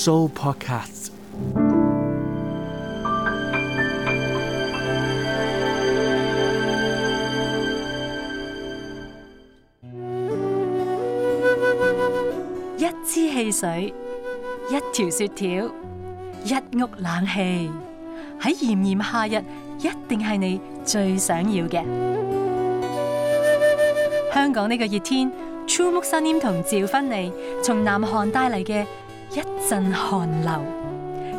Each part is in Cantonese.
s o Show podcast。一支汽水，一條雪條，一屋冷氣，喺炎炎夏日，一定係你最想要嘅。香港呢個熱天 ，True Moksanim 同趙芬妮從南韓帶嚟嘅。一陣寒流，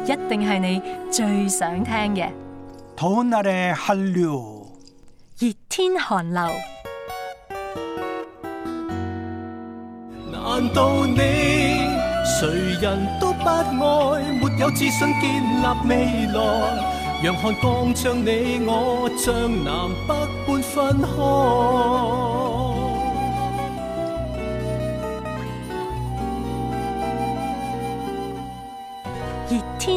一定係你最想聽嘅。凍那啲寒流，熱天寒流。難道你誰人都不愛？沒有自信建立未來，陽光將你我將南北半分開。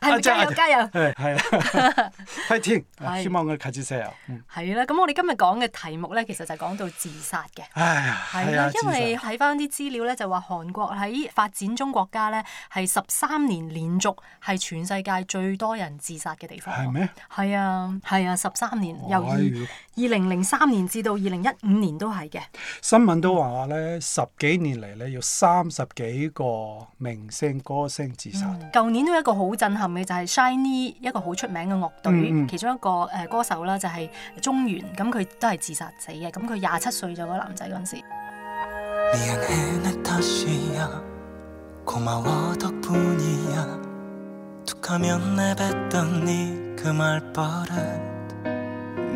係，加油，加油！係啊 fighting 希望我 cut 啲死啊！係啦，咁我哋今日講嘅題目咧，其實就講到自殺嘅。係啦，啊、因為睇翻啲資料咧，就話韓國喺發展中國家咧，係十三年連續係全世界最多人自殺嘅地方。係咩？係啊，係啊，十三年又二。二零零三年至到二零一五年都係嘅。新聞都話咧，嗯、十幾年嚟咧，有三十幾個明星歌星自殺。舊、嗯、年都有一個好震撼嘅，就係、是、Shiny 一個好出名嘅樂隊，嗯、其中一個誒歌手啦，就係中原，咁佢、嗯、都係自殺死嘅，咁佢廿七歲就個男仔嗰陣時。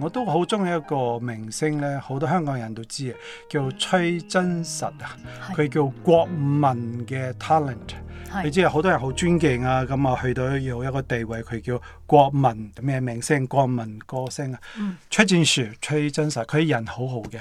我都好中意一個明星咧，好多香港人都知啊，叫崔真實啊，佢叫國民嘅 talent，是你知啊，好多人好尊敬啊，咁啊去到有一個地位，佢叫國民咩明星，國民歌星啊。嗯、崔真實，崔真實，佢人好好嘅，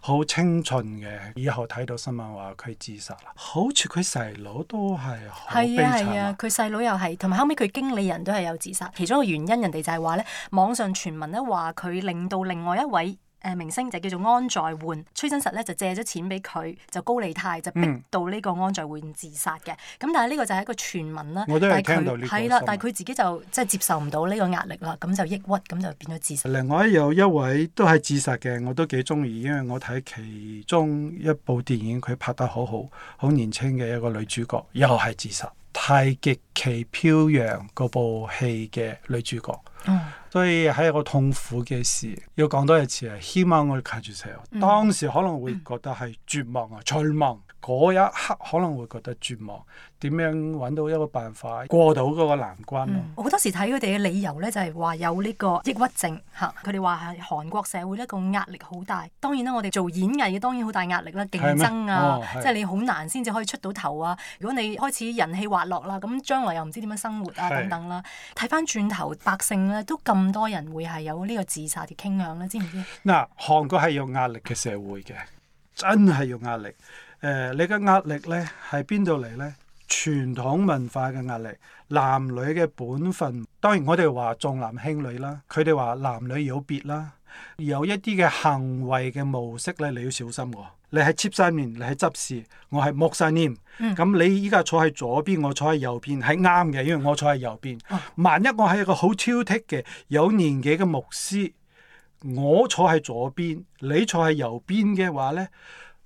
好清純嘅。以後睇到新聞話佢自殺啦，好似佢細佬都係好悲慘。係啊係啊，佢細佬又係，同埋後尾，佢經理人都係有自殺，其中一個原因人哋就係話咧，網上傳聞咧話佢。佢令到另外一位誒、呃、明星就叫做安在煥崔真實咧就借咗錢俾佢就高利貸就逼到呢個安在煥自殺嘅。咁、嗯、但係呢個就係一個傳聞啦。我都係聽到係啦，但係佢自己就即係、就是、接受唔到呢個壓力啦，咁就抑鬱，咁就變咗自殺。另外有一位都係自殺嘅，我都幾中意，因為我睇其中一部電影佢拍得好好，好年輕嘅一個女主角又係自殺，《太極旗飄揚》嗰部戲嘅女主角。嗯所以喺一個痛苦嘅事，要講多一次啊！希望我靠住神，嗯、當時可能會覺得係絕望啊、絕望。嗰一刻可能會覺得絕望，點樣揾到一個辦法過到嗰個難關？啊嗯、我好多時睇佢哋嘅理由咧，就係、是、話有呢個抑鬱症嚇，佢哋話係韓國社會呢個壓力好大。當然啦，啊，我哋做演藝嘅當然好大壓力啦，競爭啊，哦、即係你好難先至可以出到頭啊。如果你開始人氣滑落啦，咁將來又唔知點樣生活啊是等等啦，啊。睇翻轉頭，百姓咧都咁多人會係有呢個自殺嘅傾向啦，知唔知？嗱，啊，韓國係有壓力嘅社會嘅，真係有壓力。誒、呃，你嘅壓力咧係邊度嚟咧？傳統文化嘅壓力，男女嘅本分。當然我哋話重男輕女啦，佢哋話男女有別啦。有一啲嘅行為嘅模式咧，你要小心喎。你係黐晒面，am, 你係執事，我係木晒臉。咁、嗯嗯、你依家坐喺左邊，我坐喺右邊係啱嘅，因為我坐喺右邊。嗯、萬一我係一個好挑剔嘅有年紀嘅牧師，我坐喺左邊，你坐喺右邊嘅話咧？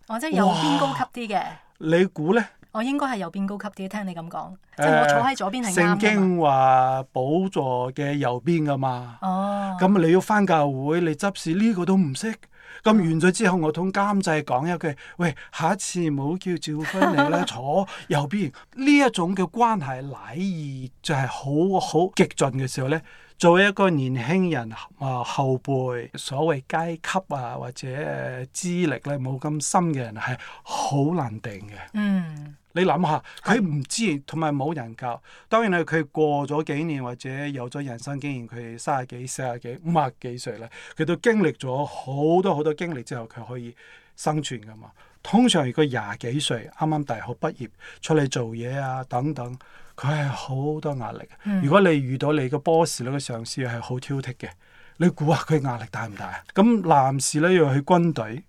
哦，即係右邊高級啲嘅。你估咧？我應該係右邊高級啲，聽你咁講，即係、呃、我坐喺左邊係啱。聖經話寶座嘅右邊噶嘛。哦。咁你要翻教會，你執事呢、這個都唔識。咁完咗之後，我同監製講一句，喂，下一次唔好叫趙芬嚟。」啦，坐右邊。呢 一種嘅關係，禮儀就係好好激進嘅時候咧。作為一個年輕人啊、呃，後輩所謂階級啊，或者資歷咧冇咁深嘅人係好難定嘅。嗯，你諗下，佢唔知同埋冇人教。當然係佢過咗幾年或者有咗人生經驗，佢三十幾、四十幾、五十幾歲咧，佢都經歷咗好多好多經歷之後，佢可以生存㗎嘛。通常如果廿幾歲啱啱大學畢業出嚟做嘢啊等等。佢係好多壓力。嗯，如果你遇到你個 boss 咧個上司係好挑剔嘅，你估下佢壓力大唔大啊？咁男士咧要去軍隊。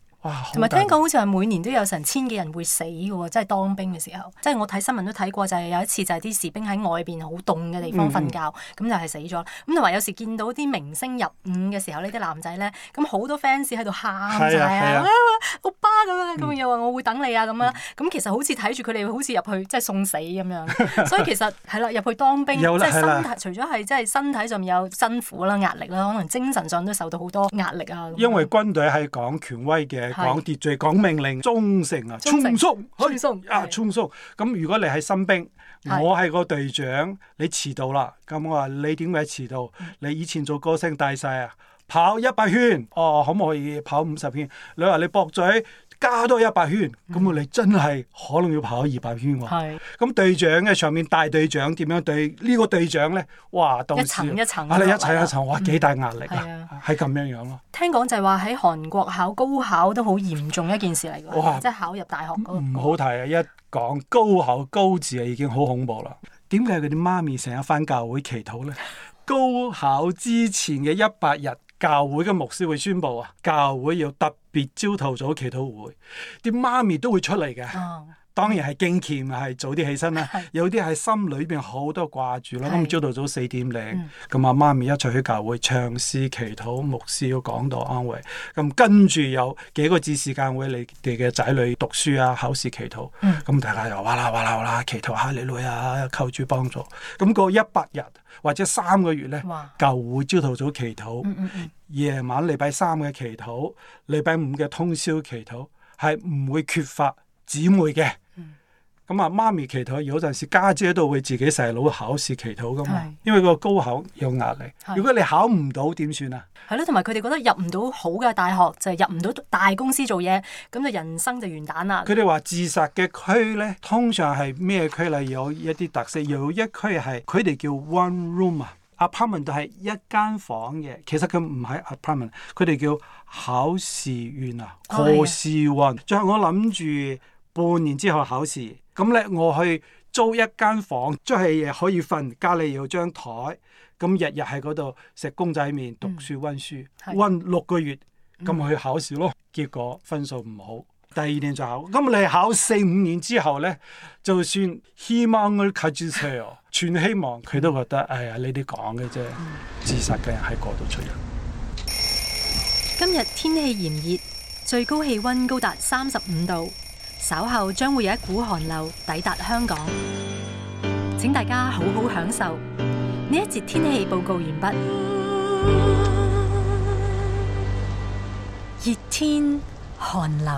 同埋聽講好似係每年都有成千幾人會死嘅喎，即、就、係、是、當兵嘅時候，即、就、係、是、我睇新聞都睇過，就係、是、有一次就係啲士兵喺外邊好凍嘅地方瞓覺，咁、嗯、就係死咗。咁同埋有時見到啲明星入伍嘅時候，呢啲男仔咧，咁好多 fans 喺度喊就係啊，歐巴咁樣，咁又話我會等你啊咁樣。咁、嗯嗯、其實好似睇住佢哋好似入去即係、就是、送死咁樣， 所以其實係啦，入去當兵即係有身體，了除咗係即係身體上面有辛苦啦、壓力啦，可能精神上都受到好多壓力啊。因為軍隊係講權威嘅。講秩序，講命令，忠誠啊，迅速是的，去啊，迅速。咁如果你係新兵，是的 我係個隊長，你遲到啦。咁是的 我話你點解遲到？嗯、你以前做歌星大晒啊，跑一百圈，哦，可唔可以跑五十圈？你話你駁嘴。加多一百圈，咁我哋真係可能要跑二百圈喎、啊。係是，咁隊長嘅上面大隊長點樣對呢個隊長呢？哇，到一層一層啊、那個，你一層一層，嗯、哇，幾大壓力啊，係咁、啊、樣樣、啊、咯。聽講就係話喺韓國考高考都好嚴重一件事嚟噶，哇即係考入大學個。唔好睇啊！一講高考高字啊，已經好恐怖啦。點解佢哋媽咪成日返教會祈禱呢？高考之前嘅一百日。教會嘅牧師會宣布啊，教會要特別朝頭早祈禱會，啲媽咪都會出嚟嘅。嗯當然係敬虔，係早啲起身啦。是有啲係心裏邊好多掛住啦。咁朝頭早四點零，咁阿、嗯、媽咪一齊去教會唱詩祈禱，牧師要講道安慰。咁跟住有幾個字時間，會你哋嘅仔女讀書啊、考試祈禱。咁、嗯、大家又哇啦哇啦哇啦祈禱下、啊、你女啊，求主幫助。咁過一百日或者三個月咧，哇教會朝頭早，上早上祈禱，夜晚禮拜三嘅祈禱，禮拜五嘅通宵祈禱，係唔會缺乏姊妹嘅。咁啊、嗯，媽咪祈禱，有陣時家姐，姐都會自己細佬考試祈禱噶嘛，是因為個高考有壓力。是如果你考唔到點算啊？係咯，同埋佢哋覺得入唔到好嘅大學就係、入唔到大公司做嘢，咁就人生就完蛋啦。佢哋話自殺嘅區咧，通常係咩區？例如有一啲特色，有一區係佢哋叫 one room 啊，apartment 係一間房嘅，其實佢唔係 apartment，佢哋叫考試院啊，考試院。哦、最後我諗住。半年之後考試，咁咧我去租一間房，即係可以瞓，家裏有張台，咁日日喺嗰度食公仔麵、讀書、温書，温六個月，咁去考試咯。結果分數唔好，第二年再考，咁你考四五年之後呢，就算希望佢全希望佢都覺得，哎呀呢啲講嘅啫，自殺嘅人喺嗰度出入。今日天,天氣炎熱，最高氣温高達三十五度。稍後將會有一股寒流抵達香港，請大家好好享受。呢一節天氣報告完畢。熱天寒流，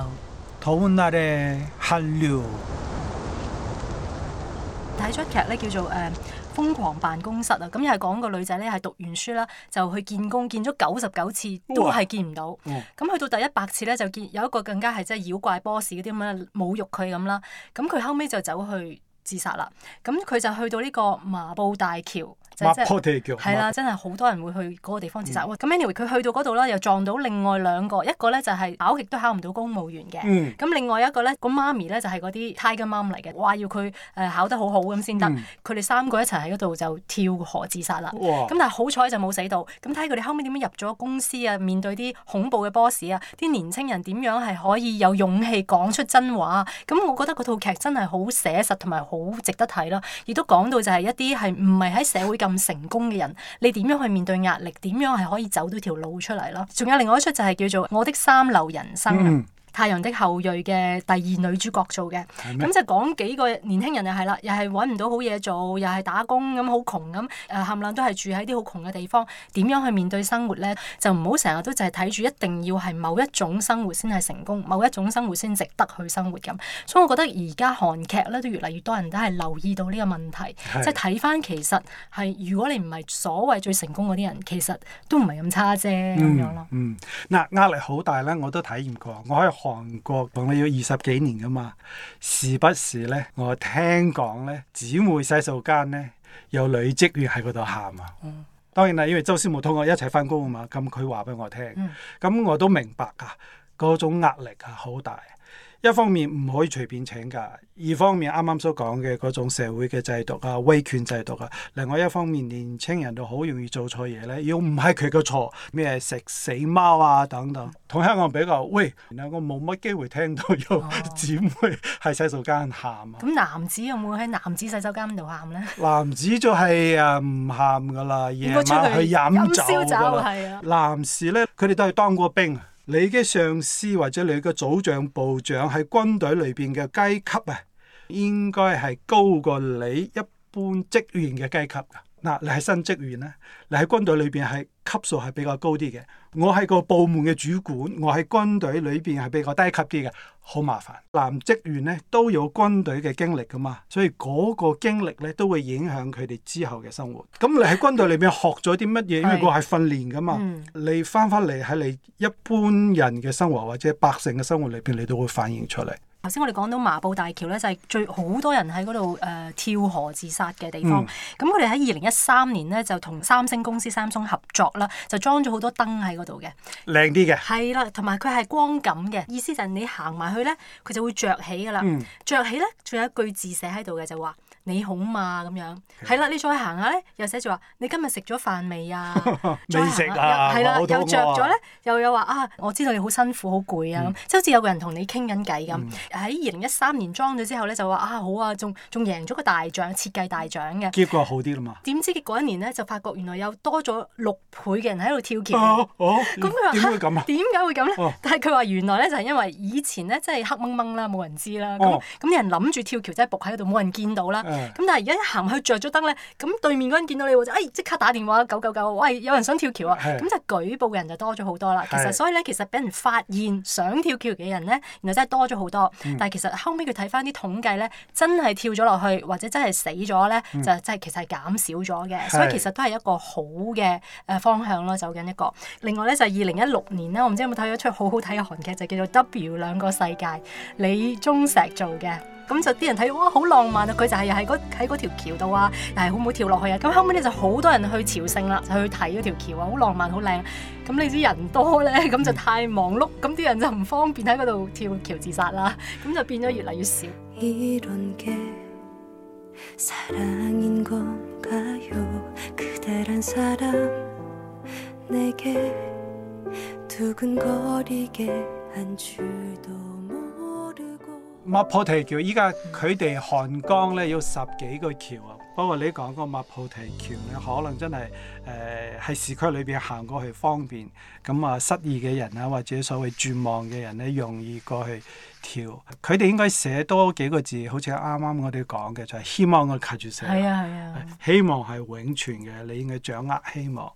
睇出劇呢， 叫做、uh,《瘋狂辦公室》啊，咁又係講個女仔咧，係讀完書啦，就去見工，見咗九十九次都係見唔到，咁去到第一百次咧就見有一個更加係即係妖怪 boss 嗰啲咁樣侮辱佢咁啦，咁佢後尾就走去自殺啦！咁佢就去到呢個麻布大橋，就係就係、麻布大橋係啦，啊、真係好多人會去嗰個地方自殺。咁、嗯、anyway，佢去到嗰度啦，又撞到另外兩個，一個咧就係考極都考唔到公務員嘅，咁、嗯、另外一個咧，個媽咪咧就係嗰啲 Tiger Mom 嚟嘅，話要佢誒考得好好咁先得。佢哋、嗯、三個一齊喺嗰度就跳河自殺啦。咁哇但係好彩就冇死到。咁睇佢哋後尾點樣入咗公司啊？面對啲恐怖嘅 boss 啊，啲年青人點樣係可以有勇氣講出真話？咁我覺得嗰套劇真係好寫實同埋好。好值得睇咯，亦都講到就係一啲係唔係喺社會咁成功嘅人，你點樣去面對壓力，點樣係可以走到條路出嚟咯。仲有另外一出就係叫做《我的三流人生》嗯《太陽的後裔》嘅第二女主角做嘅，咁嗎就講幾個年輕人又係啦，又係揾唔到好嘢做，又係打工咁好窮咁，誒冚唪唥都係住喺啲好窮嘅地方，點樣去面對生活呢？就唔好成日都淨係睇住一定要係某一種生活先係成功，某一種生活先值得去生活咁。所以，我覺得而家韓劇咧都越嚟越多人都係留意到呢個問題，即係睇翻其實係如果你唔係所謂最成功嗰啲人，其實都唔係咁差啫咁，嗯，樣咯，嗯。嗯，嗱，壓力好大咧，我都體驗過，我可韓國講你要二十幾年噶嘛？時不時咧，我聽講咧姊妹洗手間咧有女職員喺嗰度喊啊。嗯、當然啦，因為周師冇同我一齊翻工啊嘛。咁佢話俾我聽，咁、嗯、我都明白噶、啊、嗰種壓力啊，好大。一方面唔可以隨便請假，二方面啱啱所講嘅嗰種社會嘅制度啊、威權制度啊，另外一方面年青人就好容易做錯嘢咧，要唔係佢嘅錯，咩食死貓啊等等。同、嗯、香港人比較，喂，原來我冇乜機會聽到有姊妹喺洗手間喊啊。咁、哦、男子有冇喺男子洗手間度喊咧？男子就係啊唔喊噶啦，夜、嗯、晚去飲酒噶啦。哦、男士咧，佢哋都係當過兵。你嘅上司或者你嘅組長、部長喺軍隊裏邊嘅階級啊，應該係高過你一般職員嘅階級噶。嗱，你係新職員咧，你喺軍隊裏邊係級數係比較高啲嘅。我係個部門嘅主管，我喺軍隊裏邊係比較低級啲嘅，好麻煩。男職員咧都有軍隊嘅經歷噶嘛，所以嗰個經歷咧都會影響佢哋之後嘅生活。咁你喺軍隊裏邊學咗啲乜嘢？ 因為個係訓練噶嘛，的你翻返嚟喺你一般人嘅生活或者百姓嘅生活裏邊，你都會反映出嚟。頭先我哋講到麻布大橋咧，就係、是、最好多人喺嗰度誒跳河自殺嘅地方。咁佢哋喺二零一三年咧，就同三星公司三松合作啦，就裝咗好多燈喺嗰度嘅，靚啲嘅。係啦，同埋佢係光感嘅，意思就係你行埋去咧，佢就會着起噶啦。着、嗯、起咧，仲有一句字寫喺度嘅，就話。你好嘛？咁樣，係啦，你再行下咧，又寫住話你今日食咗飯未啊？未食啊，係啦，又着咗咧，又有話啊，我知道你好辛苦好攰啊咁，即係好似有個人同你傾緊偈咁。喺二零一三年裝咗之後咧，就話啊好啊，仲仲贏咗個大獎，設計大獎嘅。結果好啲啦嘛。點知嗰一年咧就發覺原來有多咗六倍嘅人喺度跳橋。哦哦。咁佢話點解會咁啊？點解會咁咧？但係佢話原來咧就係因為以前咧即係黑掹掹啦，冇人知啦。哦。咁啲人諗住跳橋即係仆喺度，冇人見到啦。咁但係而家一行去着咗燈咧，咁對面嗰人見到你，或者哎即刻打電話九九九，999，喂有人想跳橋啊！咁是的 就舉報嘅人就多咗好多啦。是的 其實所以咧，其實俾人發現想跳橋嘅人咧，原來真係多咗好多。但係其實後尾佢睇翻啲統計咧，真係跳咗落去或者真係死咗咧，是的 就真係其實係減少咗嘅。是的 所以其實都係一個好嘅誒方向咯，走緊一個。另外咧就係二零一六年咧，我唔知有冇睇咗出好好睇嘅韓劇，就叫做《W 兩個世界》，李鍾碩做嘅。咁就啲人睇哇好浪漫啊！佢就係又係喺嗰條橋度啊，又係會唔會跳落去啊？咁後尾咧就好多人去朝聖啦，就去睇嗰條橋啊，好浪漫，好靚。咁你知人多咧，咁就太忙碌，咁啲人就唔方便喺嗰度跳橋自殺啦。咁就變咗越嚟越少。 麥菩提橋，依家佢哋漢江咧有十幾個橋啊，不過你講個麥菩提橋咧，可能真係誒喺市區裏邊行過去方便，咁啊失意嘅人啊或者所謂絕望嘅人咧容易過去。橋，佢哋應該寫多幾個字，好似啱啱我哋講嘅，就係、是、希望我靠住寫。係啊係啊，希望係永存嘅，你應該掌握希望。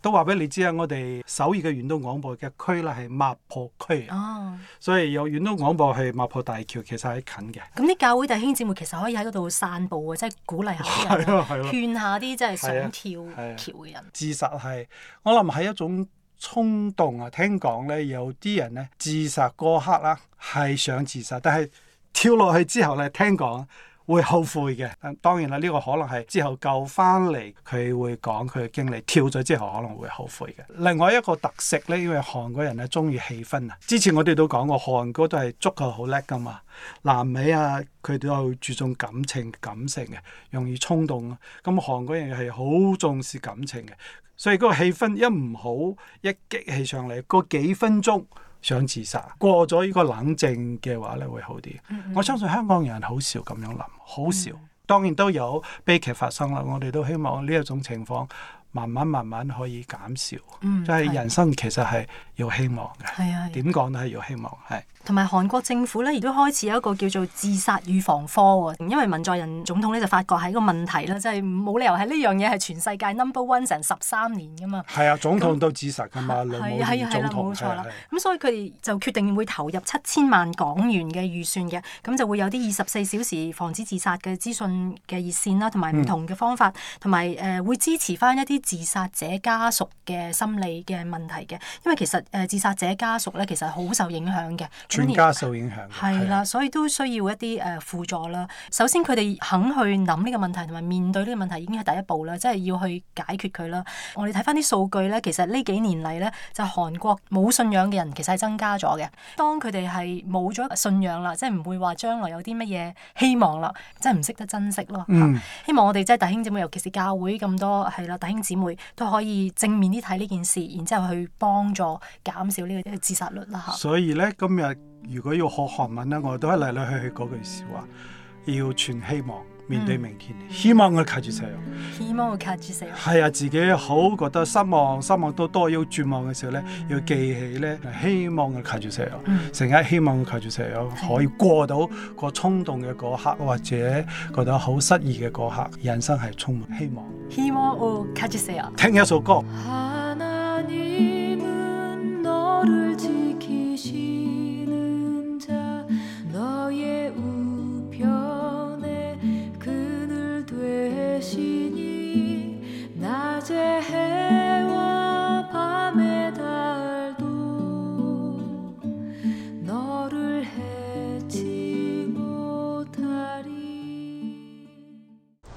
都話俾你知啊，我哋首爾嘅遠東廣播嘅區咧係麻坡區，所以由遠東廣播去麻坡大橋其實係近嘅。咁啲教會弟兄姊妹其實可以喺嗰度散步，即係、就是、鼓勵下人，勸、啊啊啊、下啲即係想跳橋嘅、啊啊啊、人。自殺係，我諗係一種。衝動啊！聽講咧，有啲人咧自殺嗰刻啦，係想自殺，但係跳落去之後咧，聽講。會後悔嘅，當然啦，呢、這個可能係之後救翻嚟，佢會講佢嘅經歷，跳咗之後可能會後悔嘅。另外一個特色呢，因為韓國人咧中意氣氛啊，之前我哋都講過，韓國都係足球好叻㗎嘛，南美啊，佢都注重感情、感性嘅，容易衝動。咁、嗯、韓國人係好重視感情嘅，所以嗰個氣氛一唔好，一激氣上嚟，個幾分鐘。想自殺，過咗呢個冷靜嘅話咧，會好啲。Mm hmm. 我相信香港人好少咁樣諗，好少。Mm hmm. 當然都有悲劇發生啦，我哋都希望呢一種情況慢慢慢慢可以減少。嗯、mm，即、hmm. 係人生其實係要希望嘅。係啊、mm，點、hmm. 講都係要希望係。同埋韓國政府咧，亦都開始有一個叫做自殺預防科喎、哦，因為文在寅總統咧就發覺係一個問題啦，就係、是、冇理由係呢樣嘢係全世界 number one 成十三年噶嘛。係啊，總統那都自殺㗎嘛，兩位總統。係啊，係啦，冇錯啦。咁、啊、所以佢哋就決定會投入七千萬港元嘅預算嘅，咁就會有啲二十四小時防止自殺嘅資訊嘅熱線啦，同埋唔同嘅方法，同埋誒會支持翻一啲自殺者家屬嘅心理嘅問題嘅，因為其實誒自殺者家屬咧其實好受影響嘅。全家受影響，係啦的，的所以都需要一啲誒、呃、輔助啦。首先佢哋肯去諗呢個問題同埋面對呢個問題已經係第一步啦，即係要去解決佢啦。我哋睇翻啲數據咧，其實呢幾年嚟咧就是、韓國冇信仰嘅人其實係增加咗嘅。當佢哋係冇咗信仰啦，即係唔會話將來有啲乜嘢希望啦，即係唔識得珍惜咯。嗯、希望我哋即係弟兄姊妹，尤其是教會咁多係啦，弟兄姊妹都可以正面啲睇呢件事，然之後去幫助減少呢個自殺率啦。所以咧今日。如果要學韓文咧，我都係嚟嚟去去嗰句說話，要存希望，面對明天，希望我靠住神，希望我靠住神。係啊，自己好覺得失望，失望到都要絕望嘅時候咧，要記起咧，希望我靠住神，成日希望我靠住神，可以過到個衝動嘅嗰刻，或者覺得好失意嘅嗰刻，人生係充滿希望，希望我靠住神。聽一首歌。